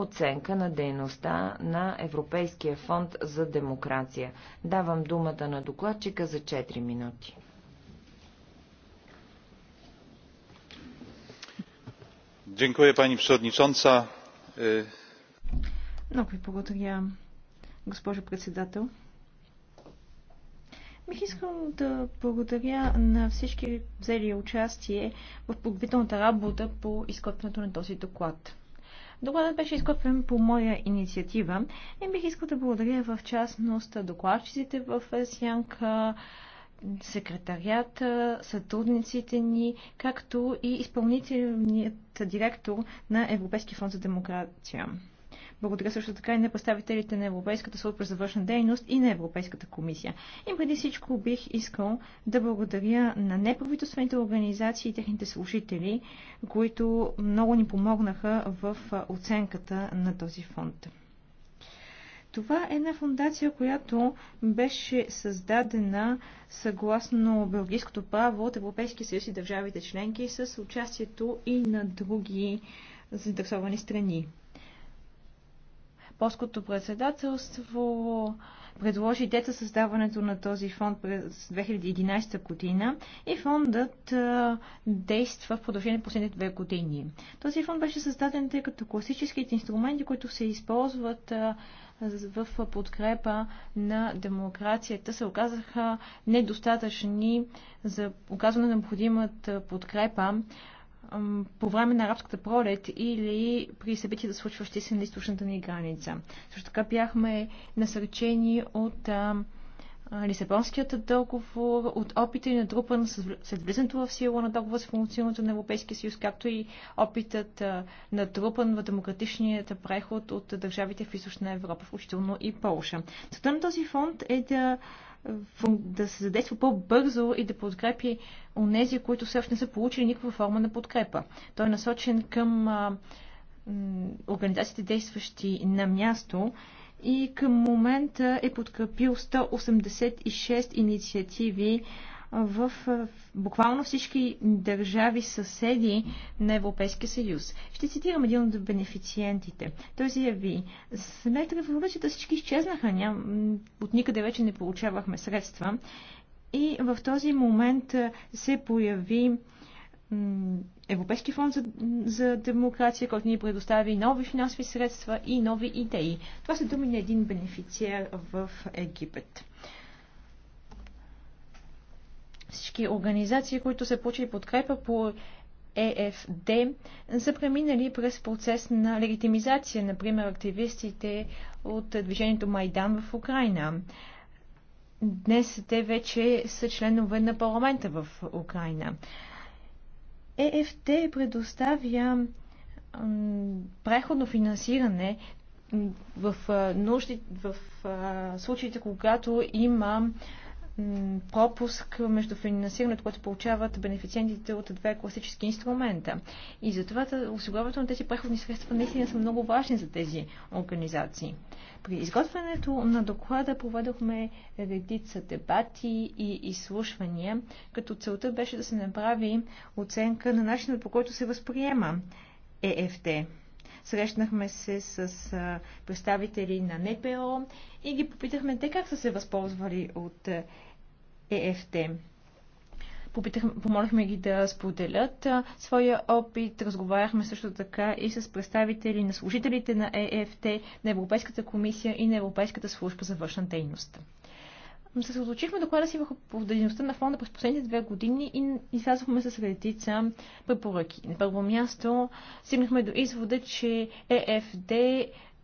оценка на дейността на Европейския фонд за демокрация. Давам думата на докладчика за 4 минути. Dziękuję pani przewodnicząca. Е, много ви благодаря, госпожо председател. Бих искал да благодаря на всички взели участие в подготвителната работа по изготвянето на този доклад. Докладът беше изготвен по моя инициатива и бих искал да благодаря в частност докладчиците в Сянка, секретарията, сътрудниците ни, както и изпълнителният директор на Европейския фонд за демокрация. Благодаря също така и на представителите на Европейската служба за външна дейност и на Европейската комисия. И преди всичко бих искал да благодаря на неправителствените организации и техните служители, които много ни помогнаха в оценката на този фонд. Това е една фундация, която беше създадена съгласно белгийското право от Европейския съюз и държавите членки с участието и на други заинтересовани страни. Полското председателство предложи идея създаването на този фонд през 2011 година и фондът действа в продължение на последните две години. Този фонд беше създаден тъй като класическите инструменти, които се използват в подкрепа на демокрацията, се оказаха недостатъчни за оказване на необходимата подкрепа по време на арабската пролет или при събитията, случващи се на източната ни граница. Също така бяхме насърчени от Лисабонският договор, от опита и натрупан след влизането в сила на договор с функционалното на Европейския съюз, както и опитът натрупан в демократичният преход от държавите в източна Европа, включително и Полша. Целта на този фонд е да да се задейства по-бързо и да подкрепи онези, които все още не са получили никаква форма на подкрепа. Той е насочен към организациите, действащи на място и към момента е подкрепил 186 инициативи в буквално всички държави съседи на Европейския съюз. Ще цитирам един от бенефициентите. Той заяви, в революцията всички изчезнаха, ням, от никъде вече не получавахме средства. И в този момент се появи Европейски фонд за, за демокрация, който ни предостави нови финансови средства и нови идеи. Това са думи на един бенефициер в Египет. Всички организации, които са получили подкрепа по ЕФД, са преминали през процес на легитимизация, например активистите от движението Майдан в Украина. Днес те вече са членове на парламента в Украина. ЕФТ предоставя преходно финансиране в, нужди, в случаите, когато има пропуск между финансирането, което получават бенефициентите от две класически инструмента. И затова осигуряването на тези преходни средства наистина са много важни за тези организации. При изготвянето на доклада проведохме редица дебати и изслушвания, като целта беше да се направи оценка на начина, по който се възприема ЕФТ. Срещнахме се с представители на НПО и ги попитахме те как са се възползвали от ЕФТ. помолихме ги да споделят своя опит. Разговаряхме също така и с представители на служителите на ЕФТ, на Европейската комисия и на Европейската служба за външна дейност. Ами съсредоточихме доклада си върху дейността на фонда през последните две години и излязохме с редица препоръки. На първо място стигнахме до извода, че ЕФД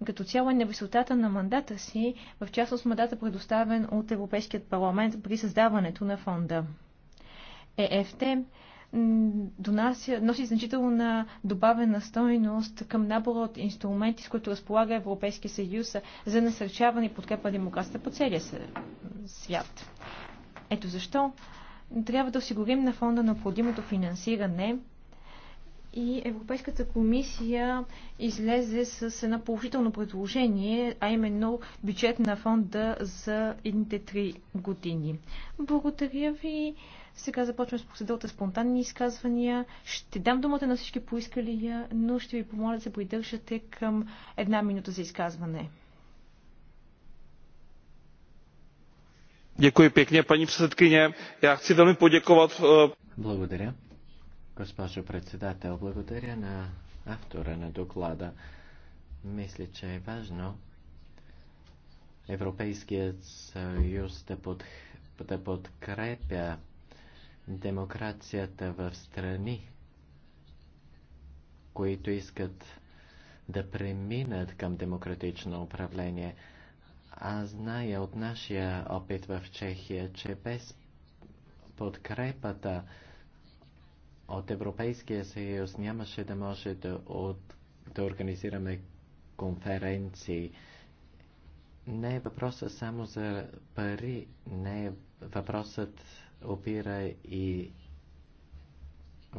като цяло е на висотата на мандата си, в частност мандата предоставен от Европейският парламент при създаването на фонда. ЕФТ донася, носи значителна добавена стойност към набора от инструменти, с които разполага Европейския съюз за насърчаване и подкрепа на демокрацията по целия свят. Ето защо трябва да осигурим на фонда необходимото финансиране и Европейската комисия излезе с едно положително предложение, а именно бюджет на фонда за едните три години. Благодаря ви. Сега започваме с процедурата спонтанни изказвания. Ще дам думата на всички поискали я, но ще ви помоля да се придържате към една минута за изказване. Děkuji pěkně, paní předsedkyně. Já chci velmi poděkovat. Eh, благодаря. Госпожо председател, благодаря на автора на доклада. Мисля, че е важно Европейският съюз да, под, да подкрепя демокрацията в страни, които искат да преминат към демократично управление. Аз зная от нашия опит в Чехия, че без подкрепата от Европейския съюз нямаше да може да, от, да организираме конференции. Не е въпросът само за пари, не е въпросът опира и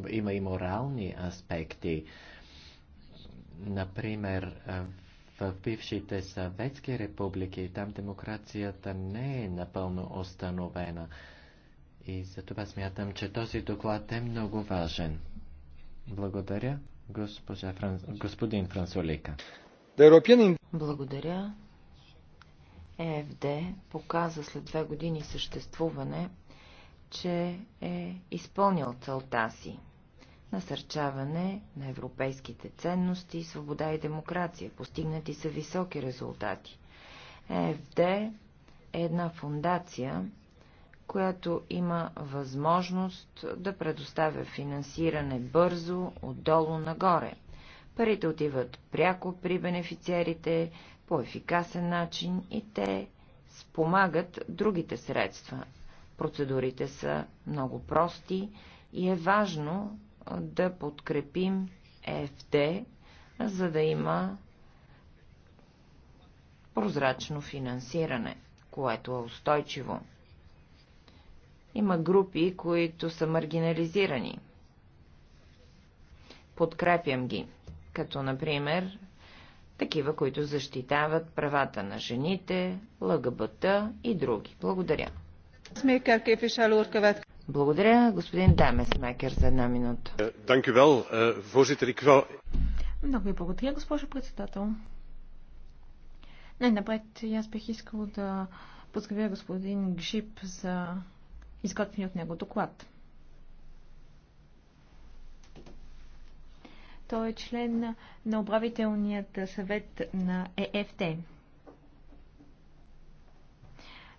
има и морални аспекти. Например, в бившите съветски републики там демокрацията не е напълно установена. И за това смятам, че този доклад е много важен. Благодаря, госпожа Фран... господин Франсолика. Благодаря. Е ЕФД показа след две години съществуване че е изпълнил целта си насърчаване на европейските ценности, свобода и демокрация. Постигнати са високи резултати. ЕФД е една фундация, която има възможност да предоставя финансиране бързо, отдолу нагоре. Парите отиват пряко при бенефициерите по ефикасен начин и те спомагат другите средства Процедурите са много прости и е важно да подкрепим ЕФД, за да има прозрачно финансиране, което е устойчиво. Има групи, които са маргинализирани. Подкрепям ги, като например такива, които защитават правата на жените, ЛГБТ и други. Благодаря. Благодаря, господин Дамесмекер, за една минута. Е, е, Много ви благодаря, госпожо председател. Най-напред и аз бих искал да поздравя господин Гжип за изготвени от него доклад. Той е член на управителният съвет на ЕФТ.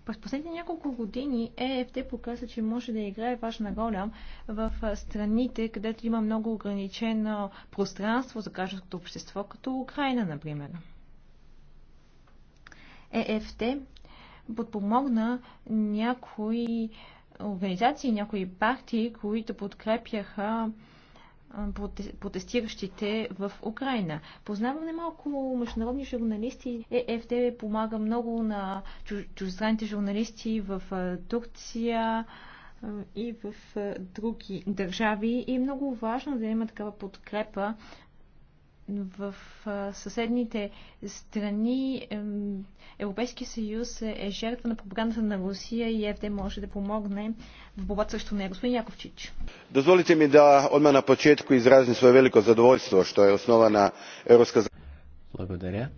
През последните няколко години ЕФТ показа, че може да играе важна роля в страните, където има много ограничено пространство за гражданското общество, като Украина, например. ЕФТ подпомогна някои организации, някои партии, които подкрепяха протестиращите в Украина. Познавам немалко международни журналисти. ЕФД помага много на чуждестранните журналисти в Турция и в други държави. И е много важно да има такава подкрепа в съседните страни Европейския съюз е, е жертва на пропагандата на Русия и ЕФД може да помогне в борбата срещу нея. Господин Яковчич. Дозволите ми да отма на почетку изразим свое велико задоволство, що е основа основана Европска... Благодаря.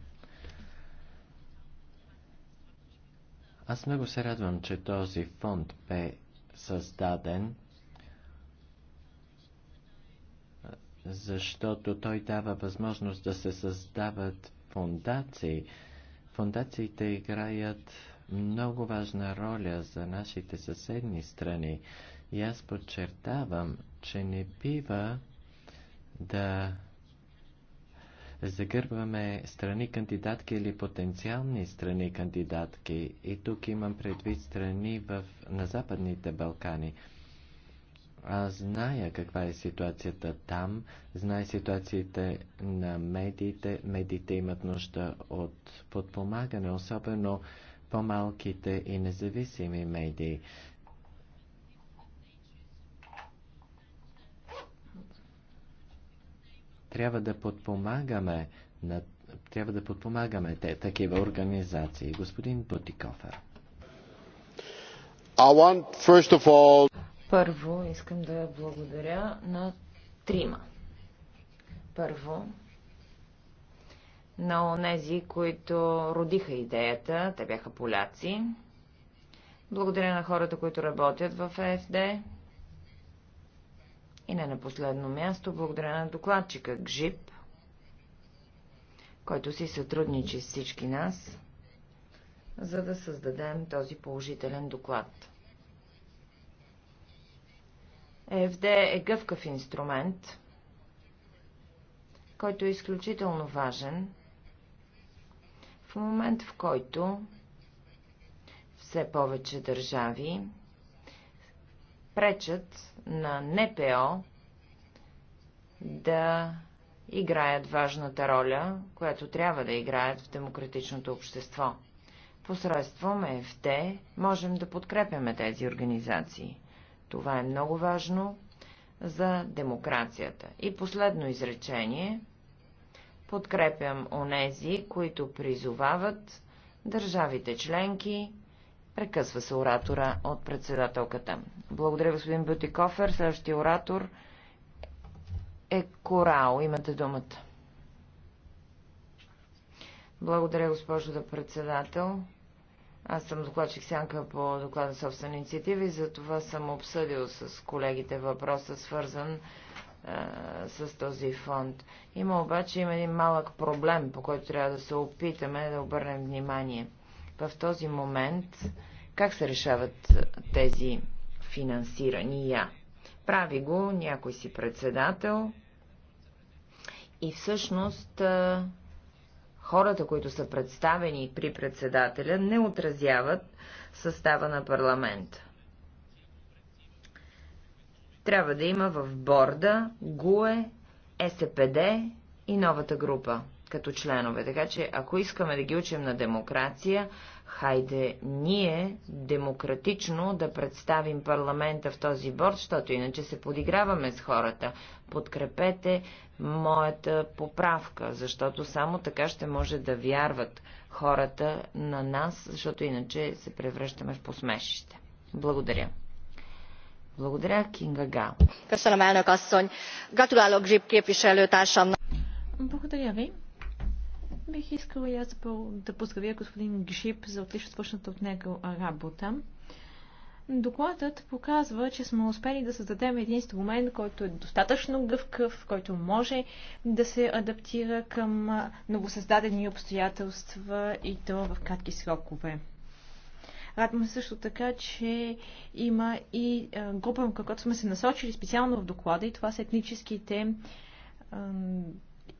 Аз много се радвам, че този фонд бе създаден защото той дава възможност да се създават фундации. Фундациите играят много важна роля за нашите съседни страни. И аз подчертавам, че не бива да загърбваме страни кандидатки или потенциални страни кандидатки. И тук имам предвид страни в, на Западните Балкани. Аз зная каква е ситуацията там, знае ситуациите на медиите. Медиите имат нужда от подпомагане, особено по-малките и независими медии. Трябва да подпомагаме на трябва да подпомагаме те, такива организации. Господин Бутикофер. I want, first of all, първо искам да благодаря на трима. Първо, на онези, които родиха идеята, те бяха поляци. Благодаря на хората, които работят в ЕФД, И не на последно място, благодаря на докладчика Гжип, който си сътрудничи с всички нас, за да създадем този положителен доклад. ЕФД е гъвкав инструмент, който е изключително важен в момент, в който все повече държави пречат на НПО да играят важната роля, която трябва да играят в демократичното общество. Посредством ЕФТ можем да подкрепяме тези организации. Това е много важно за демокрацията. И последно изречение. Подкрепям онези, които призовават държавите членки. Прекъсва се оратора от председателката. Благодаря, господин Бютикофер. Следващия оратор е Корал. Имате думата. Благодаря, госпожо да председател. Аз съм докладчик Сянка по доклада собствена инициатива и за това съм обсъдил с колегите въпроса, свързан а, с този фонд. Има обаче има един малък проблем, по който трябва да се опитаме да обърнем внимание. В този момент как се решават тези финансирания? Прави го някой си председател и всъщност а, хората, които са представени при председателя, не отразяват състава на парламента. Трябва да има в борда ГУЕ, СПД и новата група като членове. Така че, ако искаме да ги учим на демокрация, хайде ние демократично да представим парламента в този борт, защото иначе се подиграваме с хората. Подкрепете моята поправка, защото само така ще може да вярват хората на нас, защото иначе се превръщаме в посмешище. Благодаря. Благодаря, Кинга Гал. Благодаря, Благодаря ви. Бих искала и аз да поздравя господин Гшип за отлично свършната от него работа. Докладът показва, че сме успели да създадем един инструмент, който е достатъчно гъвкав, който може да се адаптира към новосъздадени обстоятелства и то в кратки срокове. Радвам се също така, че има и група, към която сме се насочили специално в доклада и това са етническите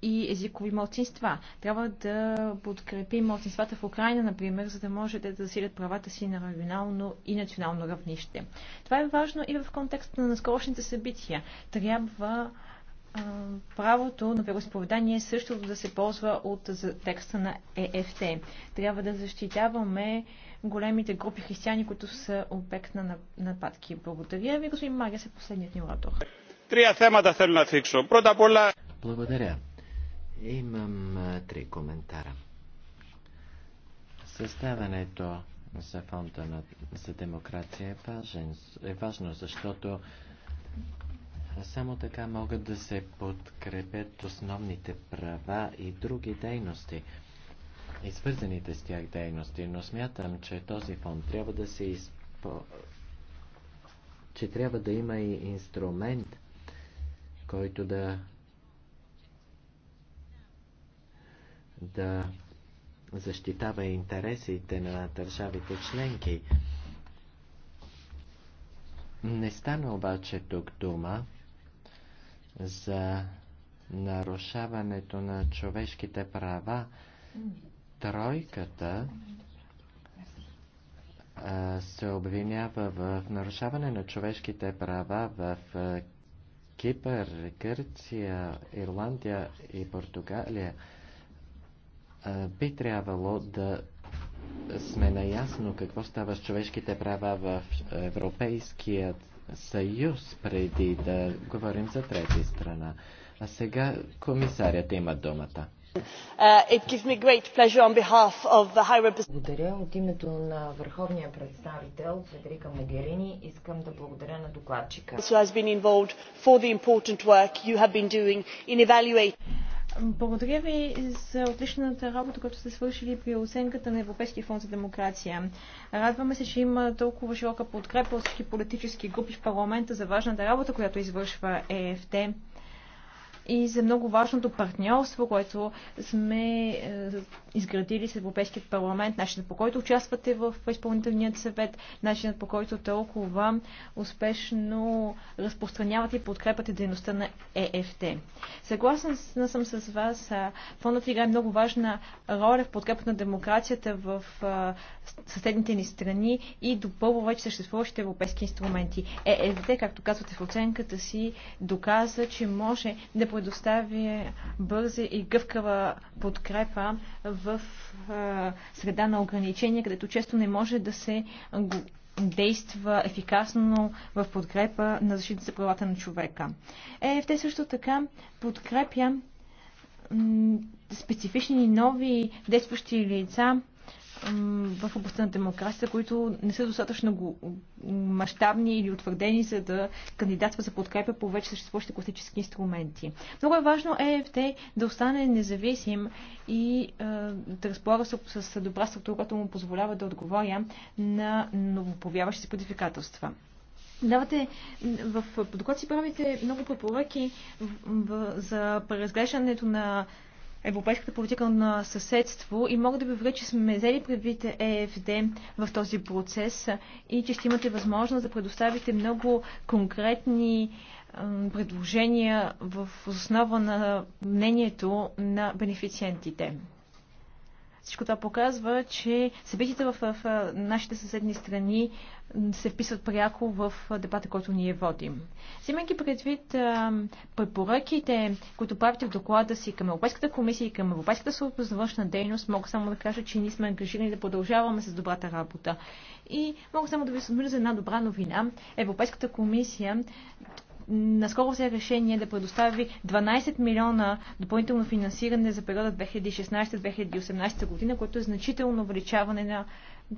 и езикови младсинства. Трябва да подкрепим младсинствата в Украина, например, за да може да засилят правата си на регионално и национално равнище. Това е важно и в контекста на наскорошните събития. Трябва а, правото на вероисповедание също да се ползва от текста на ЕФТ. Трябва да защитаваме големите групи християни, които са обект на нападки. Благодаря ви, господин Магия, се последният ни оратор. Благодаря. Имам три коментара. Съставането за фонда на, за демокрация е, важен, е важно, защото само така могат да се подкрепят основните права и други дейности и свързаните с тях дейности, но смятам, че този фонд трябва да се изпо... че трябва да има и инструмент, който да да защитава интересите на държавите членки. Не стана обаче тук дума за нарушаването на човешките права. Тройката се обвинява в нарушаване на човешките права в Кипър, Гърция, Ирландия и Португалия би трябвало да сме наясно какво става с човешките права в Европейският съюз преди да говорим за трети страна. А сега комисарят има думата. Uh, благодаря. От името на върховния представител Федерика Могерини искам да благодаря на докладчика. Благодаря ви за отличната работа, която сте свършили при оценката на Европейския фонд за демокрация. Радваме се, че има толкова широка подкрепа от всички политически групи в парламента за важната работа, която извършва ЕФТ и за много важното партньорство, което сме е, изградили с Европейският парламент, начинът по който участвате в изпълнителният съвет, начинът по който толкова успешно разпространявате и подкрепате дейността на ЕФТ. Съгласен съм с вас, фондът играе много важна роля в подкрепата на демокрацията в съседните ни страни и допълва вече съществуващите европейски инструменти. ЕФТ, както казвате в оценката си, доказа, че може да предостави бърза и гъвкава подкрепа в среда на ограничения, където често не може да се действа ефикасно в подкрепа на защита за правата на човека. ЕФТ също така подкрепя специфични нови действащи лица в областта на демокрацията, които не са достатъчно мащабни или утвърдени, за да кандидатства за подкрепа по вече съществуващите класически инструменти. Много е важно ЕФТ да остане независим и да разполага с, добра структура, която му позволява да отговоря на новоповяващи се предизвикателства. Давате, в доклад си правите много препоръки за преразглеждането на европейската политика на съседство и мога да ви уверя, че сме взели предвид ЕФД в този процес и че ще имате възможност да предоставите много конкретни предложения в основа на мнението на бенефициентите. Всичко това показва, че събитията в, в нашите съседни страни се вписват пряко в дебата, който ние водим. Вземайки предвид а, препоръките, които правите в доклада си към Европейската комисия и към Европейската служба за външна дейност, мога само да кажа, че ние сме ангажирани да продължаваме с добрата работа. И мога само да ви съмиря за една добра новина. Европейската комисия наскоро взе решение да предостави 12 милиона допълнително финансиране за периода 2016-2018 година, което е значително увеличаване на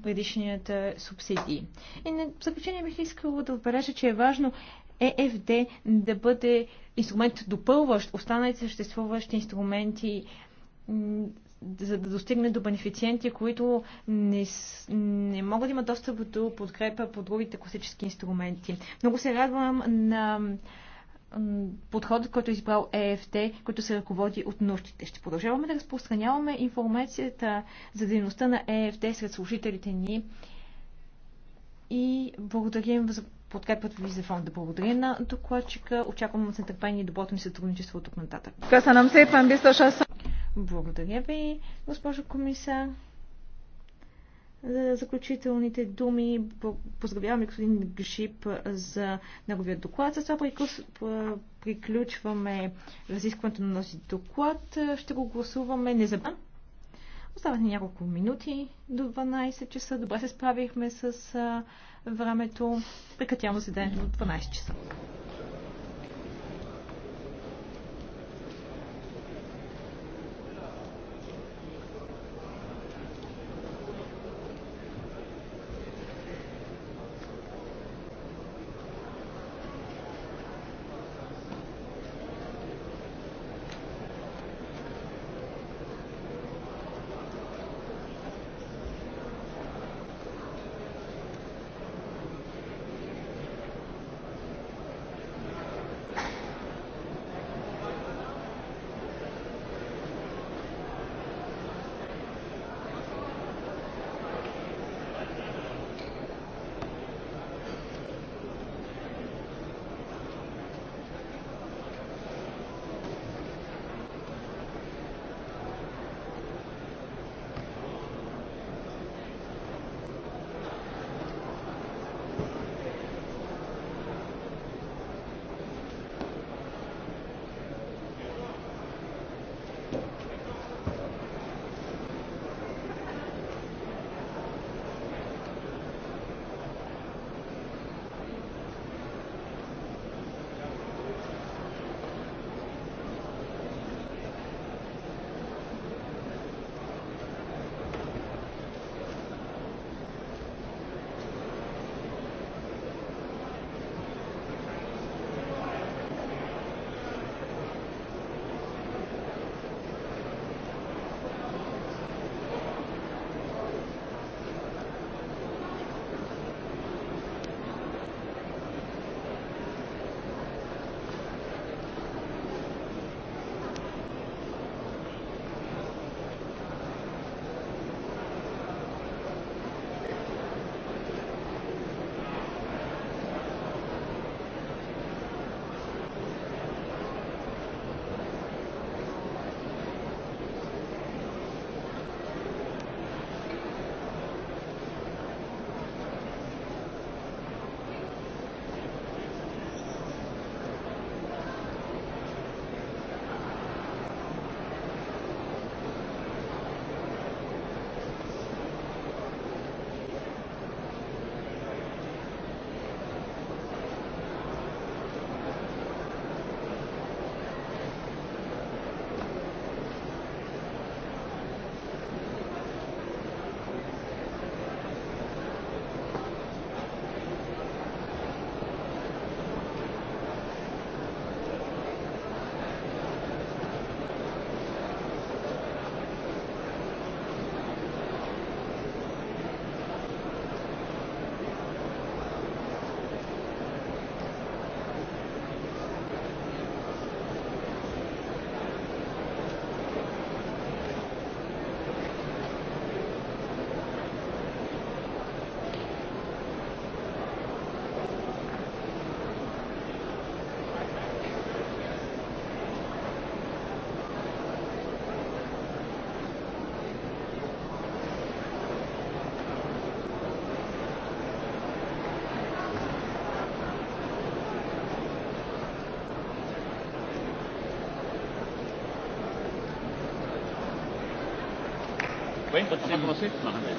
предишните субсидии. И на заключение бих искала да отбележа, че е важно ЕФД да бъде инструмент допълващ останалите съществуващи инструменти за да достигне до бенефициенти, които не, не могат да имат достъп до подкрепа по другите класически инструменти. Много се радвам на подходът, който е избрал ЕФТ, който се ръководи от нуждите. Ще продължаваме да разпространяваме информацията за дейността на ЕФТ сред служителите ни и благодарим за подкрепата ви за фонда. Благодаря на докладчика. Очаквам с нетърпение доброто ми сътрудничество от тук нататък. Благодаря ви, госпожо комисар, за заключителните думи. Поздравяваме господин Гшип за неговия доклад. С това приключваме разискването на този доклад. Ще го гласуваме незабавно. Остават ни няколко минути до 12 часа. Добре се справихме с времето. Прекратявам заседанието до 12 часа.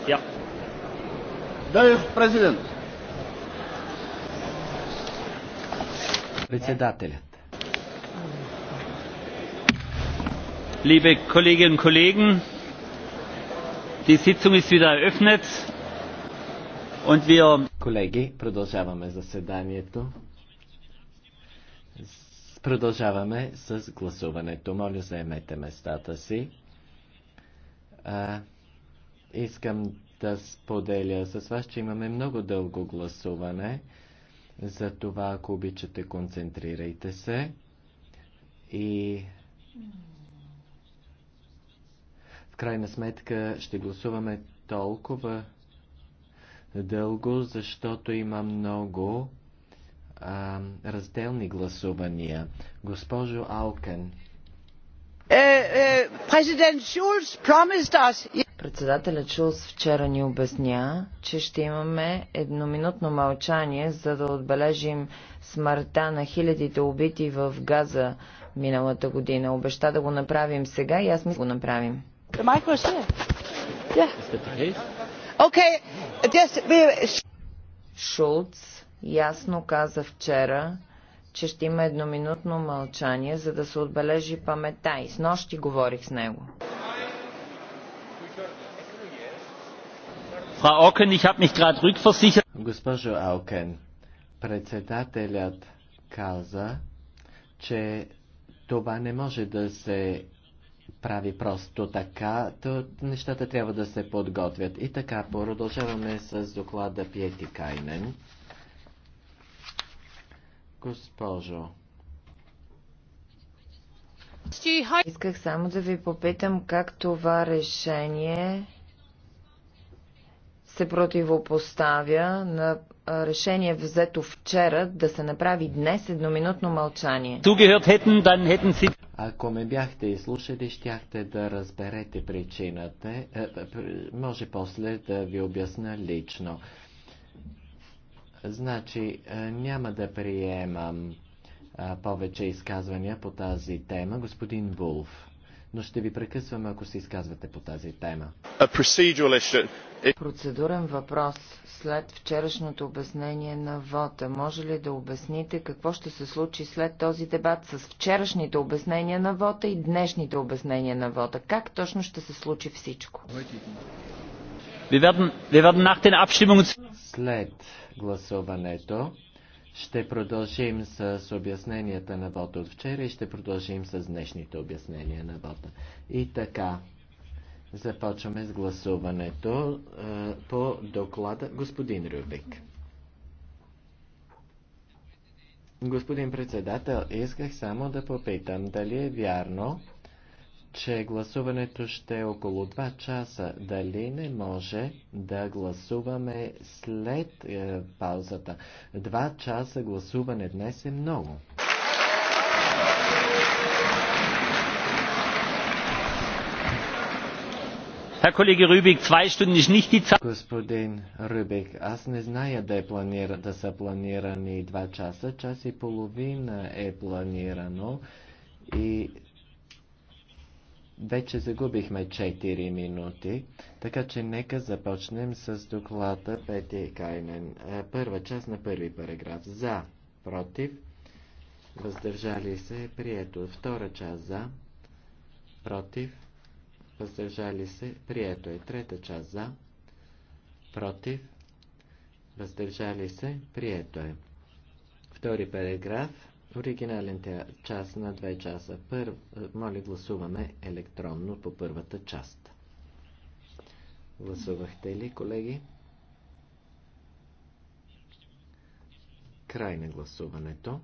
Ja. Да, президент. Председателят. Liebe Kolleginnen und Kollegen, die Sitzung ist wieder eröffnet und wir Kollege, продължаваме заседанието. Продължаваме с гласуването. Моля, заемете местата си. А, Искам да споделя с вас, че имаме много дълго гласуване. За това, ако обичате, концентрирайте се. И в крайна сметка ще гласуваме толкова дълго, защото има много а, разделни гласувания. Госпожо Алкен. Е, е, президент Шулц promised us... Председателя Чулс вчера ни обясня, че ще имаме едноминутно мълчание, за да отбележим смъртта на хилядите убити в Газа миналата година. Обеща да го направим сега и аз мисля го направим. Шулц ясно каза вчера, че ще има едноминутно мълчание, за да се отбележи паметта и с нощи говорих с него. Frau ich habe mich gerade rückversichert. Госпожо Аукен, председателят каза, че това не може да се прави просто така, то нещата трябва да се подготвят. И така, продължаваме с доклада Пиети Кайнен. Госпожо. Исках само да ви попитам как това решение се противопоставя на решение взето вчера да се направи днес едноминутно мълчание. Ако ме бяхте изслушали, щяхте да разберете причината. Е, е, може после да ви обясня лично. Значи, е, няма да приемам повече изказвания по тази тема. Господин Вулф но ще ви прекъсваме, ако се изказвате по тази тема. Процедурен въпрос. След вчерашното обяснение на вота, може ли да обясните какво ще се случи след този дебат с вчерашните обяснения на вота и днешните обяснения на вота? Как точно ще се случи всичко? След гласуването ще продължим с обясненията на вода от вчера и ще продължим с днешните обяснения на вода. И така, започваме с гласуването е, по доклада господин Рюбик. Господин председател, исках само да попитам дали е вярно, че гласуването ще е около 2 часа. Дали не може да гласуваме след е, паузата? 2 часа гласуване днес е много. Господин Рубик, аз не зная да, е планира, да са планирани два часа. Час и половина е планирано и вече загубихме 4 минути, така че нека започнем с доклада Пети Кайнен. Е, първа част на първи параграф. За, против, въздържали се, прието. Втора част за, против, въздържали се, прието е. Трета част за, против, въздържали се, прието е. Втори параграф оригинален час на 2 часа. Моля, гласуваме електронно по първата част. Гласувахте ли, колеги? Край на гласуването.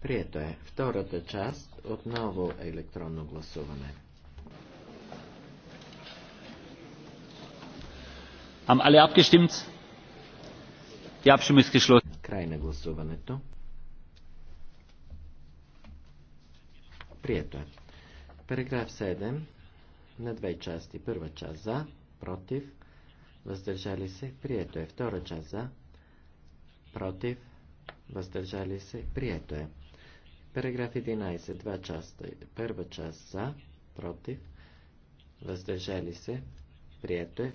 Прието е. Втората част отново електронно гласуване. Haben alle abgestimmt? Die Abstimmung ist geschlossen. Край на гласуването. Прието е. Параграф 7 на две части. Първа част за, против, въздържали се, прието е. Втора част за, против, въздържали се, прието е. Параграф 11. Два часта. Първа част за, против, въздържали се, прието е.